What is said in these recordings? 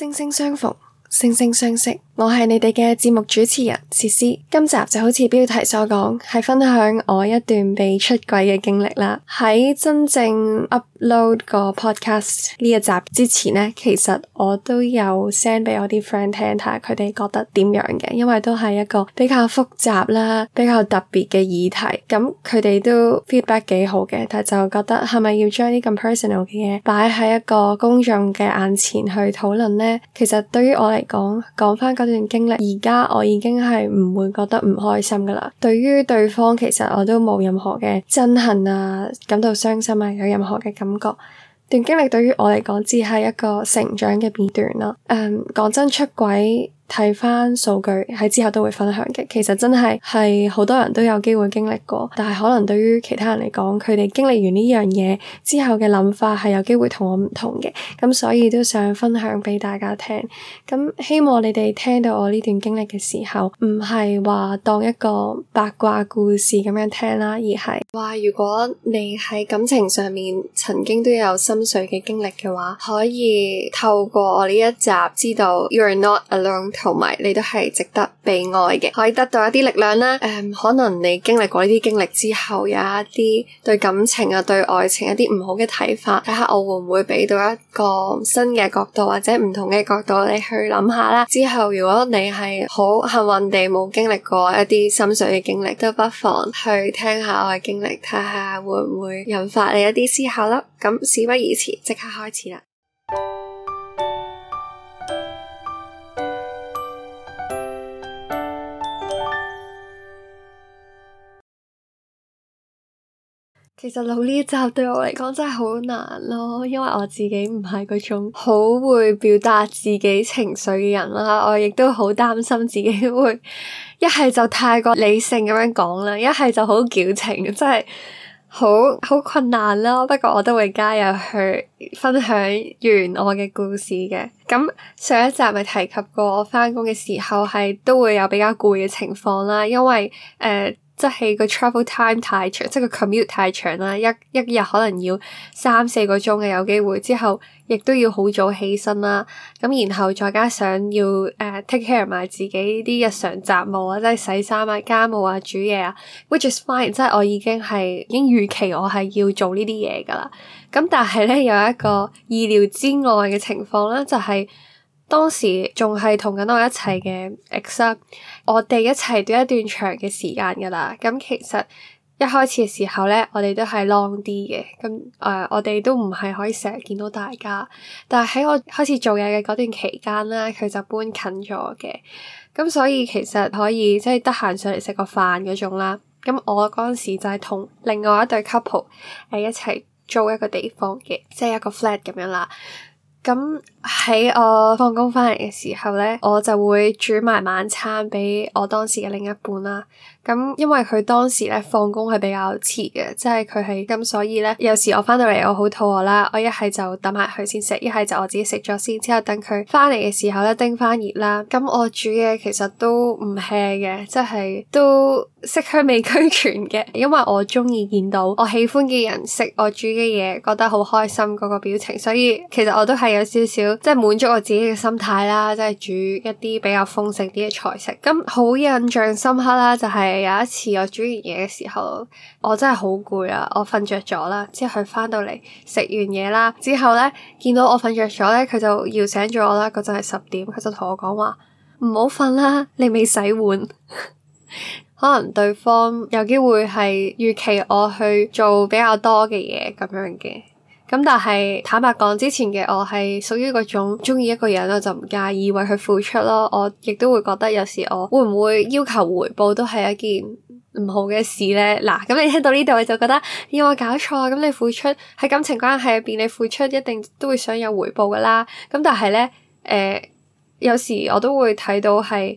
惺惺相逢，惺惺相惜。我係你哋嘅節目主持人詩詩，今集就好似標題所講，係分享我一段被出軌嘅經歷啦。喺真正 upload 個 podcast 呢一集之前呢，其實我都有 send 俾我啲 friend 聽，睇下佢哋覺得點樣嘅，因為都係一個比較複雜啦、比較特別嘅議題。咁佢哋都 feedback 幾好嘅，但就覺得係咪要將啲咁 personal 嘅嘢擺喺一個公眾嘅眼前去討論呢？其實對於我嚟講，講返個。這段經歷而家我已經係唔會覺得唔開心㗎喇，對於對方其實我都冇任何嘅憎恨啊，感到傷心啊，有任何嘅感覺。這段經歷對於我嚟講只係一個成長嘅片段啦。誒、嗯，講真出軌。睇翻數據喺之後都會分享嘅，其實真係係好多人都有機會經歷過，但係可能對於其他人嚟講，佢哋經歷完呢樣嘢之後嘅諗法係有機會同我唔同嘅，咁所以都想分享俾大家聽。咁希望你哋聽到我呢段經歷嘅時候，唔係話當一個八卦故事咁樣聽啦，而係話如果你喺感情上面曾經都有心碎嘅經歷嘅話，可以透過我呢一集知道 You're Not Alone。同埋你都係值得被愛嘅，可以得到一啲力量啦。誒、呃，可能你經歷過呢啲經歷之後，有一啲對感情啊、對愛情一啲唔好嘅睇法，睇下我會唔會俾到一個新嘅角度或者唔同嘅角度你去諗下啦。之後如果你係好幸運地冇經歷過一啲心碎嘅經歷，都不妨去聽下我嘅經歷，睇下會唔會引發你一啲思考啦。咁事不宜遲，即刻開始啦！其實錄呢一集對我嚟講真係好難咯，因為我自己唔係嗰種好會表達自己情緒嘅人啦，我亦都好擔心自己會一係就太過理性咁樣講啦，一係就好矯情，真係好好困難咯。不過我都會加入去分享完我嘅故事嘅。咁上一集咪提及過，我翻工嘅時候係都會有比較攰嘅情況啦，因為誒。呃即係個 travel time 太長，即係個 commute 太長啦，一一日可能要三四個鐘嘅有機會，之後亦都要好早起身啦，咁然後再加上要誒、uh, take care 埋自己啲日常雜務啊，即係洗衫啊、家務啊、煮嘢啊，which is fine，即係我已經係已經預期我係要做呢啲嘢㗎喇，咁但係咧有一個意料之外嘅情況啦，就係、是。當時仲係同緊我一齊嘅 ex，am, 我哋一齊都一段長嘅時間㗎啦。咁其實一開始嘅時候咧，我哋都係 long 啲嘅。咁誒、呃，我哋都唔係可以成日見到大家。但係喺我開始做嘢嘅嗰段期間咧，佢就搬近咗嘅。咁所以其實可以即係得閒上嚟食個飯嗰種啦。咁我嗰陣時就係同另外一對 couple 誒一齊租一個地方嘅，即係一個 flat 咁樣啦。咁喺我放工翻嚟嘅時候咧，我就會煮埋晚餐俾我當時嘅另一半啦。咁因為佢當時咧，放工係比較遲嘅，即係佢係咁，所以咧，有時我翻到嚟我好肚餓啦，我一係就等下佢先食，一係就我自己食咗先，之後等佢翻嚟嘅時候咧，叮翻熱啦。咁我煮嘅其實都唔 hea 嘅，即係都。色香味俱全嘅，因為我中意見到我喜歡嘅人食我煮嘅嘢，覺得好開心嗰個表情，所以其實我都係有少少即係滿足我自己嘅心態啦，即係煮一啲比較豐盛啲嘅菜式。咁好印象深刻啦，就係有一次我煮完嘢嘅時候，我真係好攰啊，我瞓着咗啦。之後佢翻到嚟食完嘢啦，之後呢，見到我瞓着咗呢，佢就搖醒咗我啦。嗰陣係十點，佢就同我講話唔好瞓啦，你未洗碗。 可能對方有機會係預期我去做比較多嘅嘢咁樣嘅，咁但係坦白講，之前嘅我係屬於嗰種鍾意一個人我就唔介意為佢付出咯，我亦都會覺得有時我會唔會要求回報都係一件唔好嘅事咧。嗱，咁、嗯、你聽到呢度你就覺得有冇、哎呃、搞錯啊？咁你付出喺感情關係入邊，你付出一定都會想有回報噶啦。咁、嗯、但係咧，誒、呃、有時我都會睇到係。.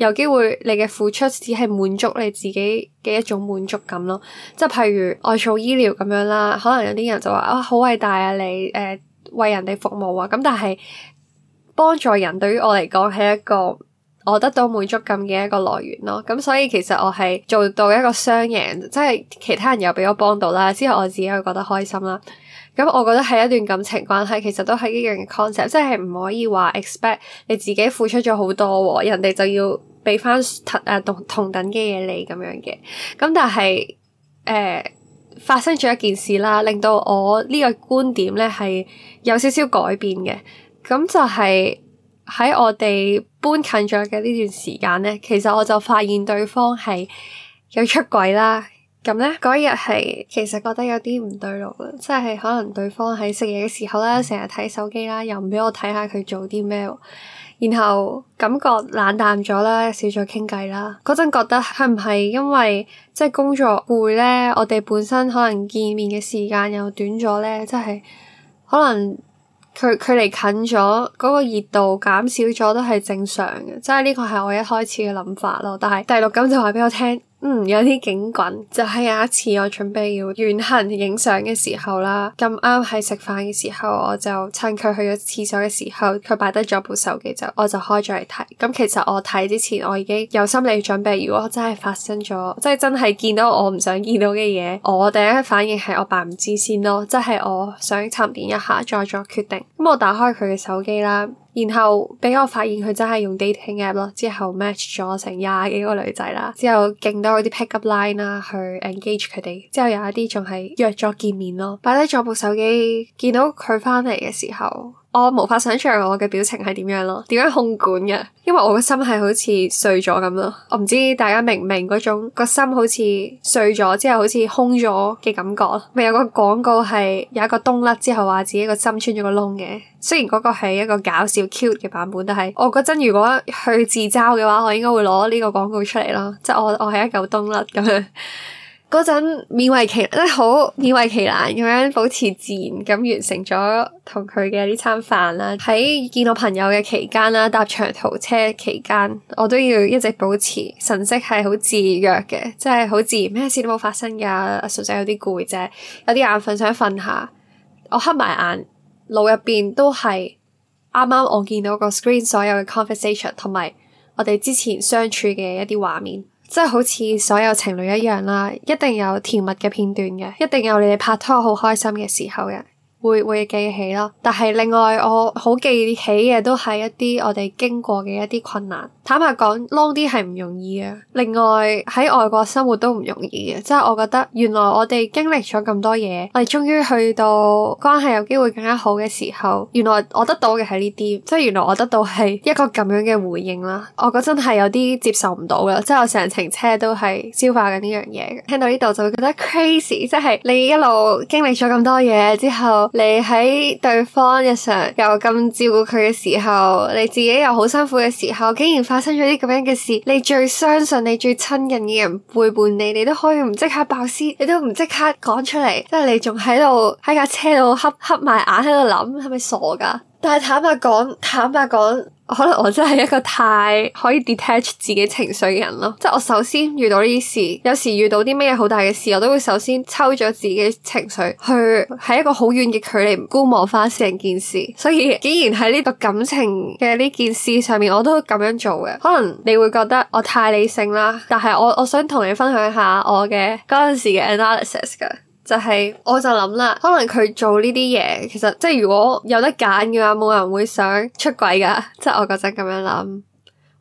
有機會你嘅付出只係滿足你自己嘅一種滿足感咯，即係譬如愛做醫療咁樣啦，可能有啲人就話，啊好偉大啊，你誒、呃、為人哋服務啊，咁但係幫助人對於我嚟講係一個我得到滿足感嘅一個來源咯，咁、嗯、所以其實我係做到一個雙贏，即係其他人又俾我幫到啦，之後我自己又覺得開心啦，咁、嗯、我覺得喺一段感情關係其實都係一樣嘅 concept，即係唔可以話 expect 你自己付出咗好多，人哋就要。俾翻同啊同等嘅嘢你咁樣嘅，咁但係誒、呃、發生咗一件事啦，令到我呢個觀點咧係有少少改變嘅。咁就係、是、喺我哋搬近咗嘅呢段時間咧，其實我就發現對方係有出軌啦。咁咧嗰一日係其實覺得有啲唔對路啦，即係可能對方喺食嘢嘅時候咧，成日睇手機啦，又唔俾我睇下佢做啲咩。然後感覺冷淡咗啦，少咗傾偈啦。嗰陣覺得係唔係因為即係工作攰咧？我哋本身可能見面嘅時間又短咗咧，即係可能距距離近咗，嗰個熱度減少咗都係正常嘅。即係呢個係我一開始嘅諗法咯。但係第六感就話俾我聽。嗯，有啲警棍就係、是、有一次我準備要遠行影相嘅時候啦，咁啱喺食飯嘅時候，我就趁佢去咗廁所嘅時候，佢擺低咗部手機就，我就開咗嚟睇。咁、嗯、其實我睇之前我已經有心理準備，如果真係發生咗，即係真係見到我唔想見到嘅嘢，我第一反應係我扮唔知先咯，即係我想沉澱一下再作決定。咁、嗯、我打開佢嘅手機啦。然後俾我發現佢真係用 dating app 咯，之後 match 咗成廿幾個女仔啦，之後勁多嗰啲 pick up line 啦，去 engage 佢哋，之後有一啲仲係約咗見面咯，擺低咗部手機，見到佢返嚟嘅時候。我無法想象我嘅表情係點樣咯，點樣控管嘅？因為我個心係好似碎咗咁咯，我唔知大家明唔明嗰種個心好似碎咗之後好似空咗嘅感覺。咪有個廣告係有一個冬甩之後話自己個心穿咗個窿嘅，雖然嗰個係一個搞笑 cute 嘅版本，但係我嗰陣如果去自嘲嘅話，我應該會攞呢個廣告出嚟咯，即係我我係一嚿冬甩咁樣。嗰陣勉為其，好勉為其難咁樣保持自然咁完成咗同佢嘅呢餐飯啦。喺見到朋友嘅期間啦，搭長途車期間，我都要一直保持神色係好自若嘅，即係好自然，咩事都冇發生㗎。純粹有啲攰啫，有啲眼瞓想瞓下，我黑埋眼，腦入邊都係啱啱我見到個 screen 所有嘅 conversation 同埋我哋之前相處嘅一啲畫面。即係好似所有情侶一樣啦，一定有甜蜜嘅片段嘅，一定有你哋拍拖好開心嘅時候嘅，會會記起咯。但係另外，我好記起嘅都係一啲我哋經過嘅一啲困難。坦白講 long 啲係唔容易啊。另外喺外國生活都唔容易嘅，即係我覺得原來我哋經歷咗咁多嘢，我哋終於去到關係有機會更加好嘅時候，原來我得到嘅係呢啲，即係原來我得到係一個咁樣嘅回應啦。我覺得真係有啲接受唔到啦，即係我成程車都係消化緊呢樣嘢。聽到呢度就會覺得 crazy，即係你一路經歷咗咁多嘢之後，你喺對方日常又咁照顧佢嘅時候，你自己又好辛苦嘅時候，竟然發發生咗啲咁樣嘅事，你最相信，你最親近嘅人背叛你，你都可以唔即刻爆私，你都唔即刻講出嚟，即係你仲喺度喺架車度黑黑埋眼喺度諗，係咪傻噶？但係坦白講，坦白講。可能我真係一個太可以 detach 自己情緒嘅人咯，即係我首先遇到呢啲事，有時遇到啲咩好大嘅事，我都會首先抽咗自己情緒去喺一個好遠嘅距離觀望翻成件事。所以既然喺呢個感情嘅呢件事上面，我都咁樣做嘅。可能你會覺得我太理性啦，但係我我想同你分享一下我嘅嗰陣時嘅 analysis 㗎。就係，我就諗啦，可能佢做呢啲嘢，其實即係如果有得揀嘅話，冇人會想出軌噶。即係我嗰陣咁樣諗。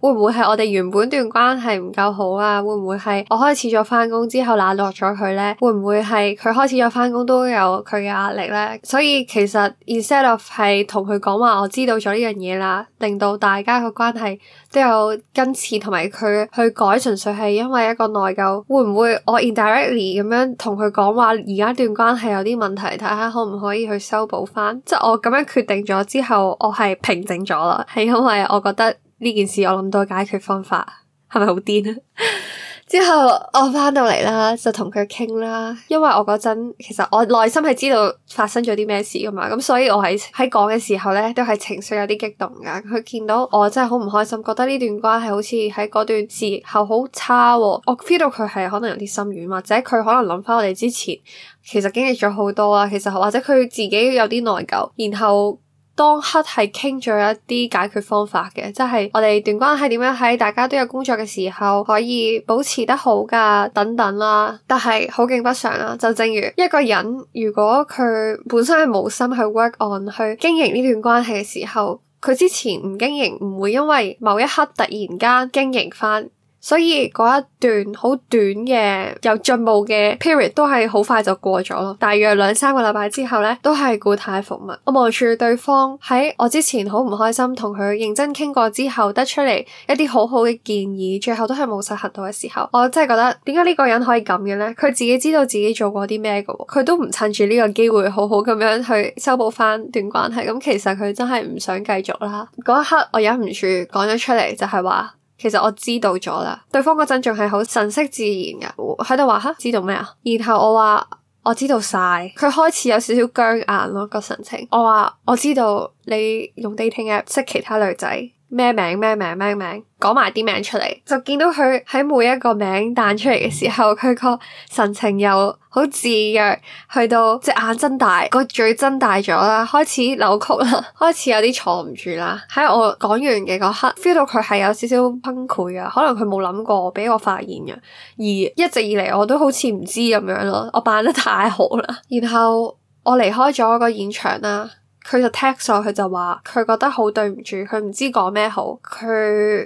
會唔會係我哋原本段關係唔夠好啊？會唔會係我開始咗翻工之後冷落咗佢咧？會唔會係佢開始咗翻工都有佢嘅壓力咧？所以其實 instead of 係同佢講話，我知道咗呢樣嘢啦，令到大家嘅關係都有根治，同埋佢去改，純粹係因為一個內疚。會唔會我 indirectly 咁樣同佢講話，而家段關係有啲問題，睇下可唔可以去修補翻？即係我咁樣決定咗之後，我係平靜咗啦，係因為我覺得。呢件事我諗到解決方法係咪好癲啊？ 之後我翻到嚟啦，就同佢傾啦。因為我嗰陣其實我內心係知道發生咗啲咩事噶嘛，咁所以我喺喺講嘅時候咧都係情緒有啲激動噶。佢見到我真係好唔開心，覺得呢段關係好似喺嗰段時候好差啊。我 feel 到佢係可能有啲心軟，或者佢可能諗翻我哋之前其實經歷咗好多啊。其實或者佢自己有啲內疚，然後。當刻係傾咗一啲解決方法嘅，即係我哋段關係點樣喺大家都有工作嘅時候可以保持得好㗎、等等啦。但係好景不常啦，就正如一個人如果佢本身係冇心去 work on 去經營呢段關係嘅時候，佢之前唔經營，唔會因為某一刻突然間經營返。所以嗰一段好短嘅有進步嘅 period 都係好快就過咗咯，大約兩三個禮拜之後咧，都係固態服務。我望住對方喺我之前好唔開心同佢認真傾過之後，得出嚟一啲好好嘅建議，最後都係冇實行到嘅時候，我真係覺得點解呢個人可以咁嘅咧？佢自己知道自己做過啲咩嘅，佢都唔趁住呢個機會好好咁樣去修補翻段關係。咁其實佢真係唔想繼續啦。嗰一刻我忍唔住講咗出嚟，就係話。其實我知道咗啦，對方嗰陣仲係好神色自然㗎，喺度話吓知道咩啊？然後我話我知道晒，佢開始有少少僵硬咯個神情。我話我知道你用 dating app 識其他女仔。咩名咩名咩名，講埋啲名出嚟，就見到佢喺每一個名彈出嚟嘅時候，佢個神情又好自然，去到隻眼睜大，個嘴睜大咗啦，開始扭曲啦，開始有啲坐唔住啦。喺我講完嘅嗰刻，feel 到佢係有少少崩潰啊，可能佢冇諗過俾我發現嘅，而一直以嚟我都好似唔知咁樣咯，我扮得太好啦。然後我離開咗個現場啦。佢就 text 我，佢就話佢覺得好對唔住，佢唔知講咩好，佢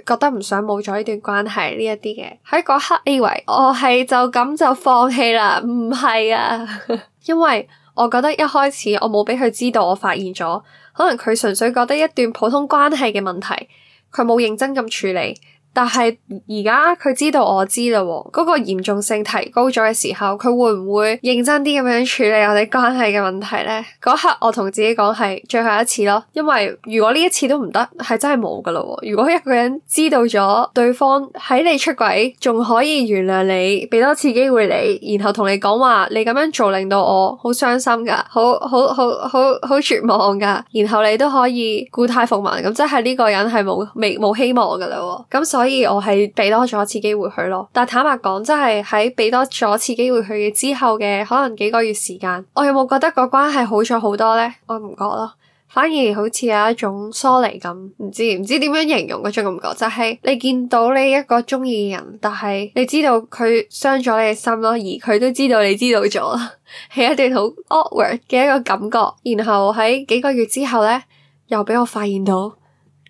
覺得唔想冇咗呢段關係呢一啲嘅。喺嗰刻以為我係就咁就放棄啦，唔係啊， 因為我覺得一開始我冇俾佢知道，我發現咗，可能佢純粹覺得一段普通關係嘅問題，佢冇認真咁處理。但係而家佢知道我知喇喎，嗰個嚴重性提高咗嘅時候，佢會唔會認真啲咁樣處理我哋關係嘅問題咧？嗰刻我同自己講係最後一次咯，因為如果呢一次都唔得，係真係冇噶啦。如果一個人知道咗對方喺你出軌，仲可以原諒你，畀多次機會你，然後同你講話，你咁樣做令到我好傷心噶，好好好好好絕望噶，然後你都可以故態復萌，咁即係呢個人係冇未冇希望噶喇喎。咁所以。所以我係俾多咗次機會佢咯，但係坦白講，真係喺俾多咗次機會佢嘅之後嘅可能幾個月時間，我有冇覺得個關係好咗好多呢？我唔覺咯，反而好似有一種疏離感，唔知唔知點樣形容嘅種感覺，就係你見到你一個中意嘅人，但係你知道佢傷咗你嘅心咯，而佢都知道你知道咗，係 一定好 awkward 嘅一個感覺。然後喺幾個月之後呢，又俾我發現到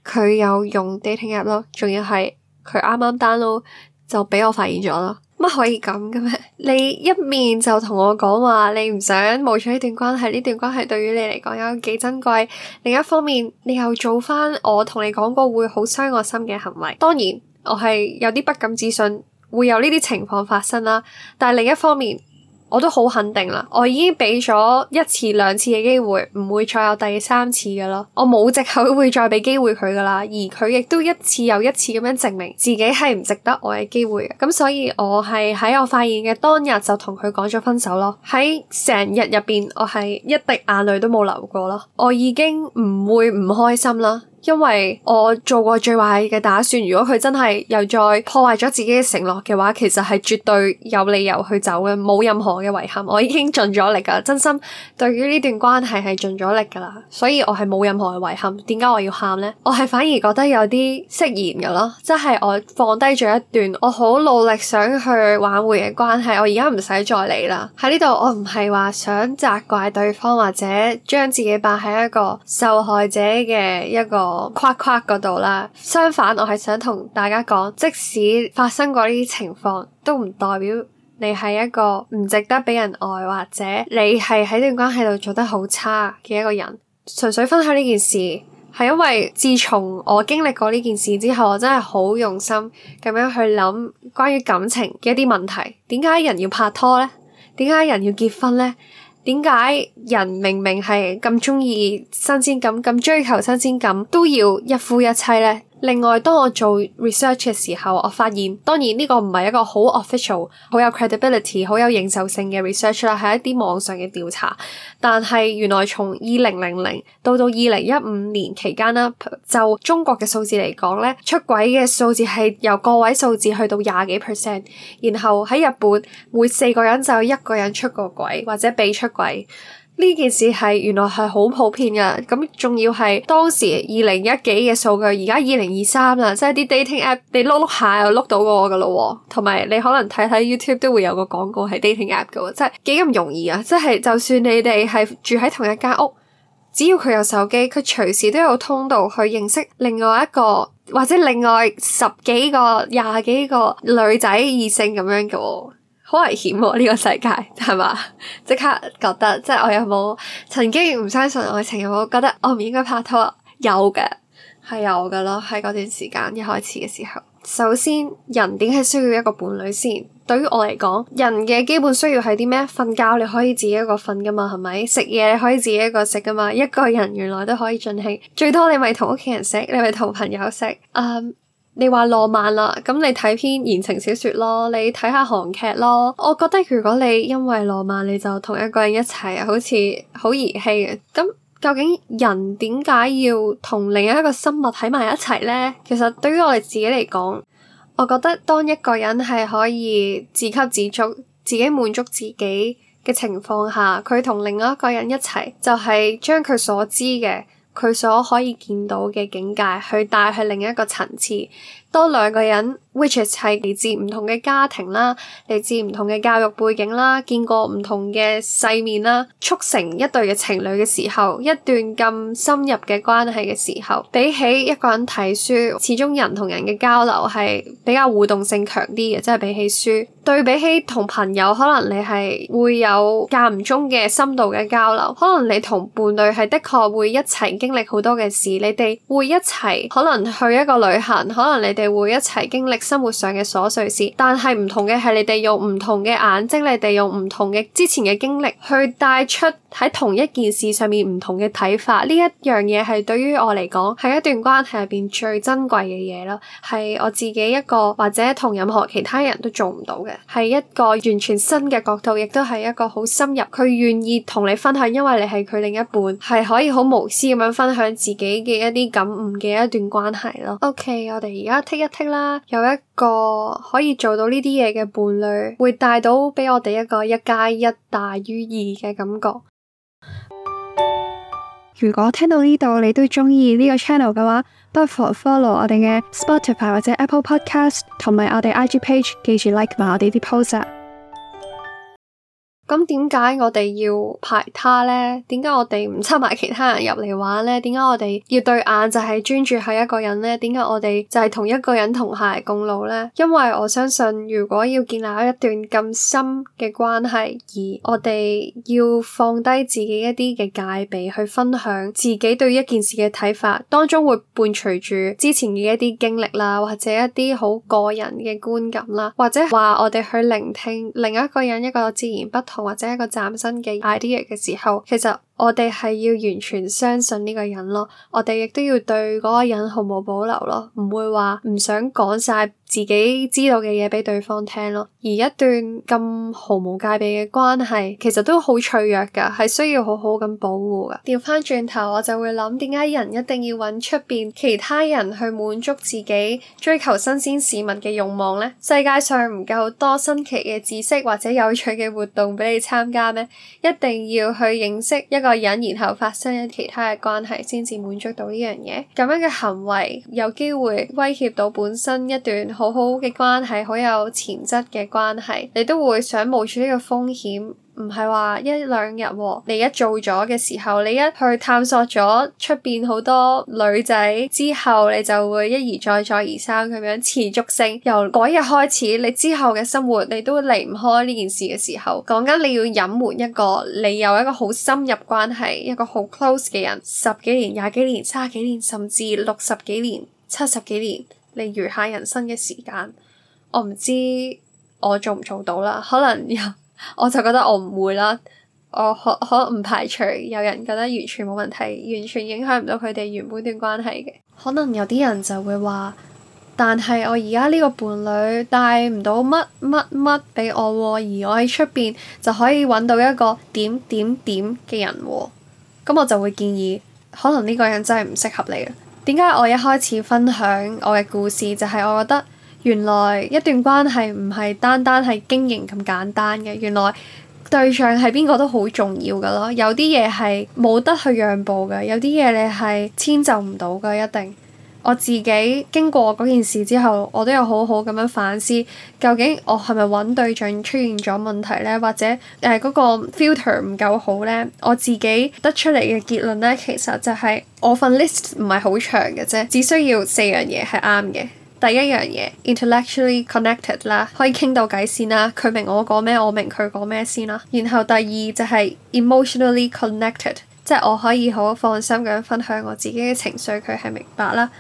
佢有用 dating app 咯，仲要係。佢啱啱 download 就畀我發現咗啦，乜可以咁嘅咩？你一面就同我講話，你唔想冇咗呢段關係，呢段關係對於你嚟講有幾珍貴；另一方面，你又做翻我同你講過會好傷我心嘅行為。當然，我係有啲不敢置信會有呢啲情況發生啦，但係另一方面。我都好肯定啦，我已經畀咗一次兩次嘅機會，唔會再有第三次嘅咯。我冇藉口會再畀機會佢噶啦，而佢亦都一次又一次咁樣證明自己係唔值得我嘅機會嘅。咁所以我係喺我發現嘅當日就同佢講咗分手咯。喺成日入邊，我係一滴眼淚都冇流過咯。我已經唔會唔開心啦。因為我做過最壞嘅打算，如果佢真係又再破壞咗自己嘅承諾嘅話，其實係絕對有理由去走嘅，冇任何嘅遺憾。我已經盡咗力㗎，真心對於呢段關係係盡咗力㗎啦，所以我係冇任何嘅遺憾。點解我要喊咧？我係反而覺得有啲釋然㗎囉，即係我放低咗一段我好努力想去挽回嘅關係，我而家唔使再嚟啦。喺呢度我唔係話想責怪對方或者將自己擺喺一個受害者嘅一個誇誇嗰度啦，相反我係想同大家講，即使發生過呢啲情況，都唔代表你係一個唔值得俾人愛，或者你係喺呢段關係度做得好差嘅一個人。純粹分享呢件事，係因為自從我經歷過呢件事之後，我真係好用心咁樣去諗關於感情嘅一啲問題。點解人要拍拖呢？點解人要結婚呢？點解人明明係咁鍾意新鮮感、咁追求新鮮感，都要一夫一妻咧？另外，當我做 research 嘅時候，我發現，當然呢個唔係一個好 official、好有 credibility、好有認受性嘅 research 啦，係一啲網上嘅調查。但係原來從二零零零到到二零一五年期間啦，就中國嘅數字嚟講咧，出軌嘅數字係由個位數字去到廿幾 percent。然後喺日本，每四個人就有一個人出過軌或者被出軌。呢件事係原來係好普遍㗎，咁仲要係當時二零一幾嘅數據，而家二零二三啦，即係啲 dating app 你碌碌下又碌到過我噶咯，同埋你可能睇睇 YouTube 都會有個廣告係 dating app 嘅喎，即係幾咁容易啊！即係就算你哋係住喺同一間屋，只要佢有手機，佢隨時都有通道去認識另外一個或者另外十幾個、廿幾個女仔異性咁樣嘅喎。好危險喎、啊！呢、這個世界係嘛？即 刻覺得，即係我有冇曾經唔相信愛情？有冇覺得我唔應該拍拖？有嘅，係有嘅咯，喺嗰段時間一開始嘅時候。首先，人點係需要一個伴侶先？對於我嚟講，人嘅基本需要係啲咩？瞓覺你可以自己一個瞓噶嘛？係咪？食嘢你可以自己一個食噶嘛？一個人原來都可以盡興，最多你咪同屋企人食，你咪同朋友食。嗯、um。你話浪漫啦，咁你睇篇言情小説咯，你睇下韓劇咯。我覺得如果你因為浪漫，你就同一個人一齊，好似好兒戲嘅。咁究竟人點解要同另一個生物喺埋一齊呢？其實對於我哋自己嚟講，我覺得當一個人係可以自給自足、自己滿足自己嘅情況下，佢同另外一個人一齊，就係，將佢所知嘅。佢所可以見到嘅境界，佢帶去另一個層次。多兩個人，which is 係嚟自唔同嘅家庭啦，嚟自唔同嘅教育背景啦，見過唔同嘅世面啦，促成一對嘅情侶嘅時候，一段咁深入嘅關係嘅時候，比起一個人睇書，始終人同人嘅交流係比較互動性強啲嘅，即係比起書對比起同朋友，可能你係會有間唔中嘅深度嘅交流，可能你同伴侶係的確會一齊經歷好多嘅事，你哋會一齊可能去一個旅行，可能你哋會一齊經歷生活上嘅瑣碎事，但係唔同嘅係你哋用唔同嘅眼睛，你哋用唔同嘅之前嘅經歷去帶出喺同一件事上面唔同嘅睇法。呢一樣嘢係對於我嚟講，係一段關係入邊最珍貴嘅嘢咯。係我自己一個或者同任何其他人都做唔到嘅，係一個完全新嘅角度，亦都係一個好深入。佢願意同你分享，因為你係佢另一半，係可以好無私咁樣分享自己嘅一啲感悟嘅一段關係咯。OK，我哋而家。一剔啦，有一個可以做到呢啲嘢嘅伴侶，會帶到俾我哋一個一加一大於二嘅感覺。如果聽到呢度你都中意呢個 channel 嘅話，不妨 follow 我哋嘅 Spotify 或者 Apple Podcast，同埋我哋 IG page，記住 like 埋我哋啲 post 啊！咁點解我哋要排他咧？點解我哋唔參埋其他人入嚟玩咧？點解我哋要對眼就係專注喺一個人咧？點解我哋就係同一個人同偕共老咧？因為我相信，如果要建立一段咁深嘅關係，而我哋要放低自己一啲嘅戒備，去分享自己對一件事嘅睇法，當中會伴隨住之前嘅一啲經歷啦，或者一啲好個人嘅觀感啦，或者話我哋去聆聽另一個人一個截然不同，同或者一個嶄新嘅 idea 嘅時候，其實。我哋係要完全相信呢個人咯，我哋亦都要對嗰個人毫無保留咯，唔會話唔想講晒自己知道嘅嘢畀對方聽咯。而一段咁毫無戒備嘅關係，其實都好脆弱噶，係需要好好咁保護噶。調翻轉頭，我就會諗點解人一定要揾出面其他人去滿足自己追求新鮮事物嘅慾望呢？世界上唔夠多新奇嘅知識或者有趣嘅活動俾你參加咩？一定要去認識一個人，然後發生其他嘅關係，先至滿足到呢樣嘢。咁樣嘅行為，有機會威脅到本身一段好好嘅關係，好有潛質嘅關係，你都會想冒住呢個風險。唔係話一兩日喎、哦，你一做咗嘅時候，你一去探索咗出邊好多女仔之後，你就會一而再、再而三咁樣持續性。由嗰日開始，你之後嘅生活，你都離唔開呢件事嘅時候。講緊你要隱瞞一個你有一個好深入關係、一個好 close 嘅人，十幾年、廿幾年、三十幾年，甚至六十幾年、七十幾年，你餘下人生嘅時間。我唔知我做唔做到啦，可能我就覺得我唔會啦，我可可能唔排除有人覺得完全冇問題，完全影響唔到佢哋原本段關係嘅。可能有啲人就會話，但係我而家呢個伴侶帶唔到乜乜乜畀我喎，而我喺出邊就可以揾到一個點點點嘅人喎。咁我就會建議，可能呢個人真係唔適合你啊。點解我一開始分享我嘅故事，就係、是、我覺得。原來一段關係唔係單單係經營咁簡單嘅，原來對象係邊個都好重要嘅咯。有啲嘢係冇得去讓步嘅，有啲嘢你係遷就唔到嘅一定。我自己經過嗰件事之後，我都有好好咁樣反思，究竟我係咪揾對象出現咗問題咧，或者誒嗰、呃嗰個 filter 唔夠好咧？我自己得出嚟嘅結論咧，其實就係我份 list 唔係好長嘅啫，只需要四樣嘢係啱嘅。第一樣嘢 intellectually connected 啦，可以傾到偈先啦，佢明我講咩，我明佢講咩先啦。然後第二就係 emotionally connected，即係我可以好放心咁樣分享我自己嘅情緒，佢係明白啦。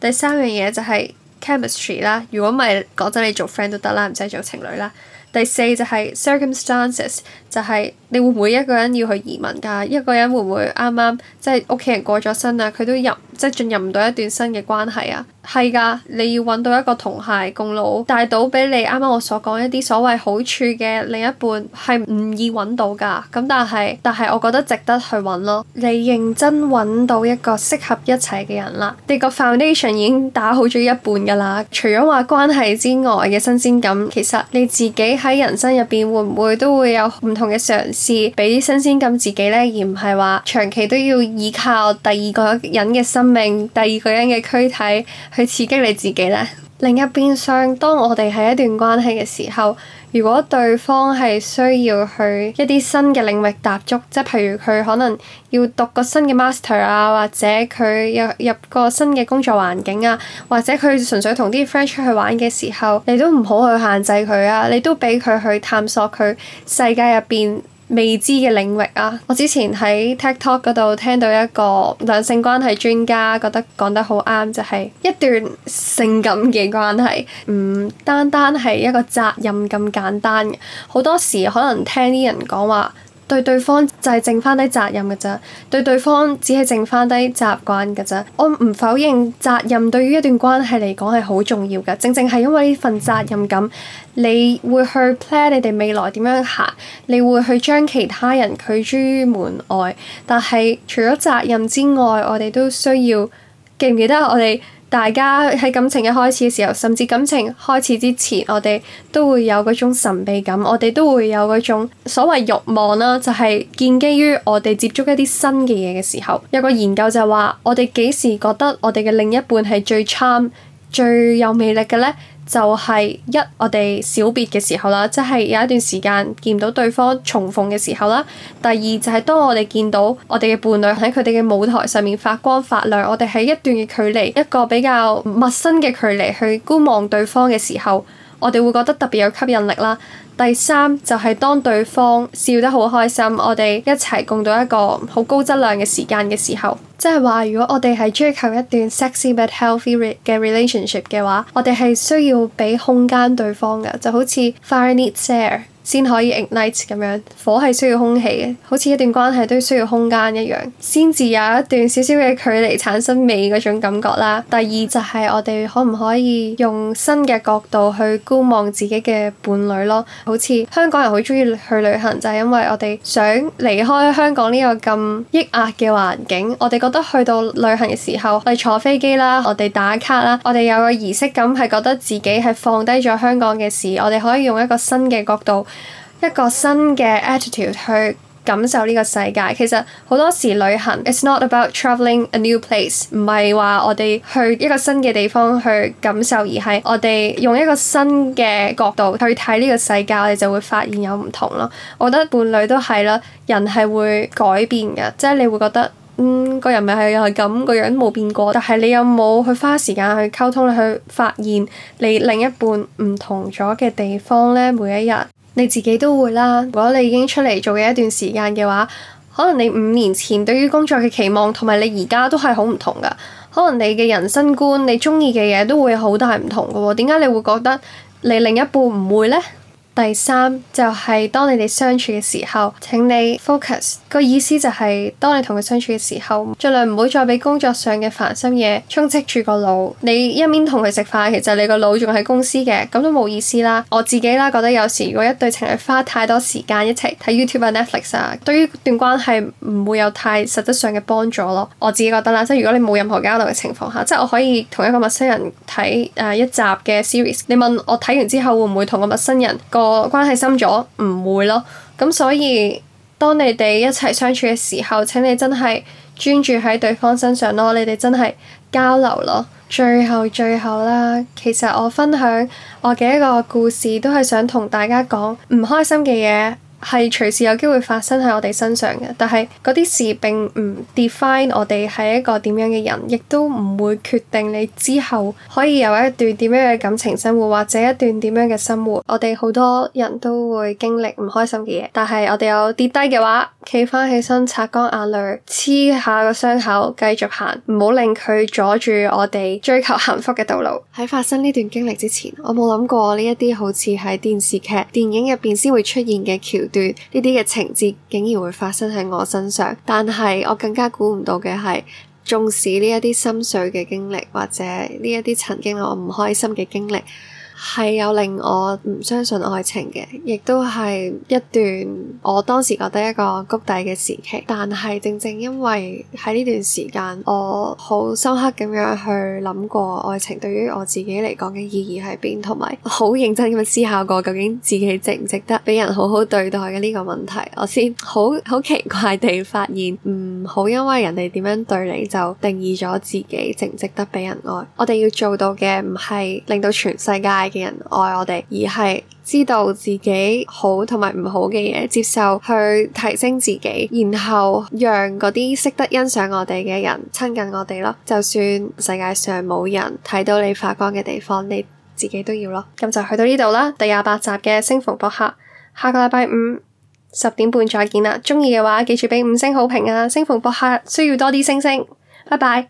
第三樣嘢就係 chemistry 啦，如果唔係講真，你做 friend 都得啦，唔使做情侶啦。第四就係 circumstances，就係你會唔會一個人要去移民㗎？一個人會唔會啱啱即係屋企人過咗身啊？佢都入即係、即係、進入唔到一段新嘅關係啊？係㗎，你要揾到一個同偕共老，帶到俾你啱啱我所講一啲所謂好處嘅另一半係唔易揾到㗎。咁但係，但係我覺得值得去揾咯。你認真揾到一個適合一齊嘅人啦，你個 foundation 已經打好咗一半㗎喇。除咗話關係之外嘅新鮮感，其實你自己喺人生入面會唔會都會有唔同嘅嘗試，俾啲新鮮感自己呢，而唔係話長期都要依靠第二個人嘅生命、第二個人嘅軀體。去刺激你自己呢。另一邊上，當我哋喺一段關係嘅時候，如果對方係需要去一啲新嘅領域踏足，即係譬如佢可能要讀個新嘅 master 啊，或者佢入入個新嘅工作環境啊，或者佢純粹同啲 friend 出去玩嘅時候，你都唔好去限制佢啊，你都俾佢去探索佢世界入邊。未知嘅領域啊！我之前喺 TikTok 嗰度聽到一個兩性關係專家，覺得講得好啱，就係、是、一段性感嘅關係。唔、嗯、單單係一個責任咁簡單嘅，好多時可能聽啲人講話。對對方就係剩翻低責任嘅咋。對對方只係剩翻低習慣嘅咋。我唔否認責任對於一段關係嚟講係好重要嘅，正正係因為呢份責任感，你會去 plan future，你哋未來點樣行，你會去將其他人拒諸門外。但係除咗責任之外，我哋都需要記唔記得我哋？大家喺感情一開始嘅時候，甚至感情開始之前，我哋都會有嗰種神秘感，我哋都會有嗰種所謂慾望啦。就係、是、建基於我哋接觸一啲新嘅嘢嘅時候，有個研究就係話，我哋幾時覺得我哋嘅另一半係最 charm、最有魅力嘅呢？就係一我哋小別嘅時候啦，即係有一段時間見唔到對方，重逢嘅時候啦。第二就係當我哋見到我哋嘅伴侶喺佢哋嘅舞台上面發光發亮，我哋喺一段嘅距離，一個比較陌生嘅距離去觀望對方嘅時候。我哋會覺得特別有吸引力啦。第三就係、是、當對方笑得好開心，我哋一齊共度一個好高質量嘅時間嘅時候，即係話如果我哋係追求一段 sexy but healthy 嘅 relationship 嘅話，我哋係需要俾空間對方嘅，就好似 fire needs air。先可以 ignite 咁樣，火係需要空氣嘅，好似一段關係都需要空間一樣，先至有一段少少嘅距離產生美嗰種感覺啦。第二就係我哋可唔可以用新嘅角度去觀望自己嘅伴侶咯？好似香港人好中意去旅行，就係因為我哋想離開香港呢個咁抑壓嘅環境。我哋覺得去到旅行嘅時候，我哋坐飛機啦，我哋打卡啦，我哋有個儀式感，係覺得自己係放低咗香港嘅事。我哋可以用一個新嘅角度。一個新嘅 attitude 去感受呢個世界，其實好多時旅行，it's not about travelling a new place，唔係話我哋去一個新嘅地方去感受，而係我哋用一個新嘅角度去睇呢個世界，我哋就會發現有唔同咯。我覺得伴侶都係啦，人係會改變嘅，即係你會覺得，嗯，個人咪係係咁個樣，冇變過，但係你有冇去花時間去溝通，去發現你另一半唔同咗嘅地方呢？每一日。你自己都會啦，如果你已經出嚟做嘢一段時間嘅話，可能你五年前對於工作嘅期望同埋你而家都係好唔同噶。可能你嘅人生觀、你中意嘅嘢都會好大唔同噶喎。點解你會覺得你另一半唔會咧？第三就係當你哋相處嘅時候，請你 focus。個意思就係當你同佢相處嘅時候，盡量唔會再俾工作上嘅煩心嘢充斥住個腦，你一面同佢食飯，其實你個腦仲喺公司嘅，咁都冇意思啦。我自己啦覺得有時，如果一對情侶花太多時間一齊睇 YouTube Netflix 啊，對於這段關係唔會有太實質上嘅幫助咯。我自己覺得啦，即係如果你冇任何交流嘅情況下，即係我可以同一個陌生人睇誒一集嘅 series，你問我睇完之後會唔會同個陌生人個關係深咗唔會咯，咁所以當你哋一齊相處嘅時候，請你真係專注喺對方身上咯，你哋真係交流咯。最後最後啦，其實我分享我嘅一個故事，都係想同大家講唔開心嘅嘢。係隨時有機會發生喺我哋身上嘅，但係嗰啲事並唔 define 我哋係一個點樣嘅人，亦都唔會決定你之後可以有一段點樣嘅感情生活，或者一段點樣嘅生活。 我哋好多人都會經歷唔開心嘅嘢，但係我哋有跌低嘅話，企返起身，擦乾眼淚，黐下個傷口，繼續行，唔好令佢阻住我哋追求幸福嘅道路。喺發生呢段經歷之前，我冇諗過呢一啲好似喺電視劇、電影入面先會出現嘅橋。呢啲嘅情節竟然會發生喺我身上，但係我更加估唔到嘅係，縱使呢一啲心碎嘅經歷，或者呢一啲曾經我唔開心嘅經歷。係有令我唔相信愛情嘅，亦都係一段我當時覺得一個谷底嘅時期。但係正正因為喺呢段時間，我好深刻咁樣去諗過愛情對於我自己嚟講嘅意義喺邊，同埋好認真咁思考過究竟自己值唔值得俾人好好對待嘅呢個問題。我先好好奇怪地發現，唔好因為人哋點樣對你就定義咗自己值唔值得俾人愛。我哋要做到嘅唔係令到全世界嘅人愛我哋，而係知道自己好同埋唔好嘅嘢，接受去提升自己，然後讓嗰啲識得欣賞我哋嘅人親近我哋咯。就算世界上冇人睇到你發光嘅地方，你自己都要咯。咁就去到呢度啦，第廿八集嘅星逢播客，下個禮拜五十點半再見啦。中意嘅話，記住俾五星好評啊！星逢播客需要多啲星星，拜拜。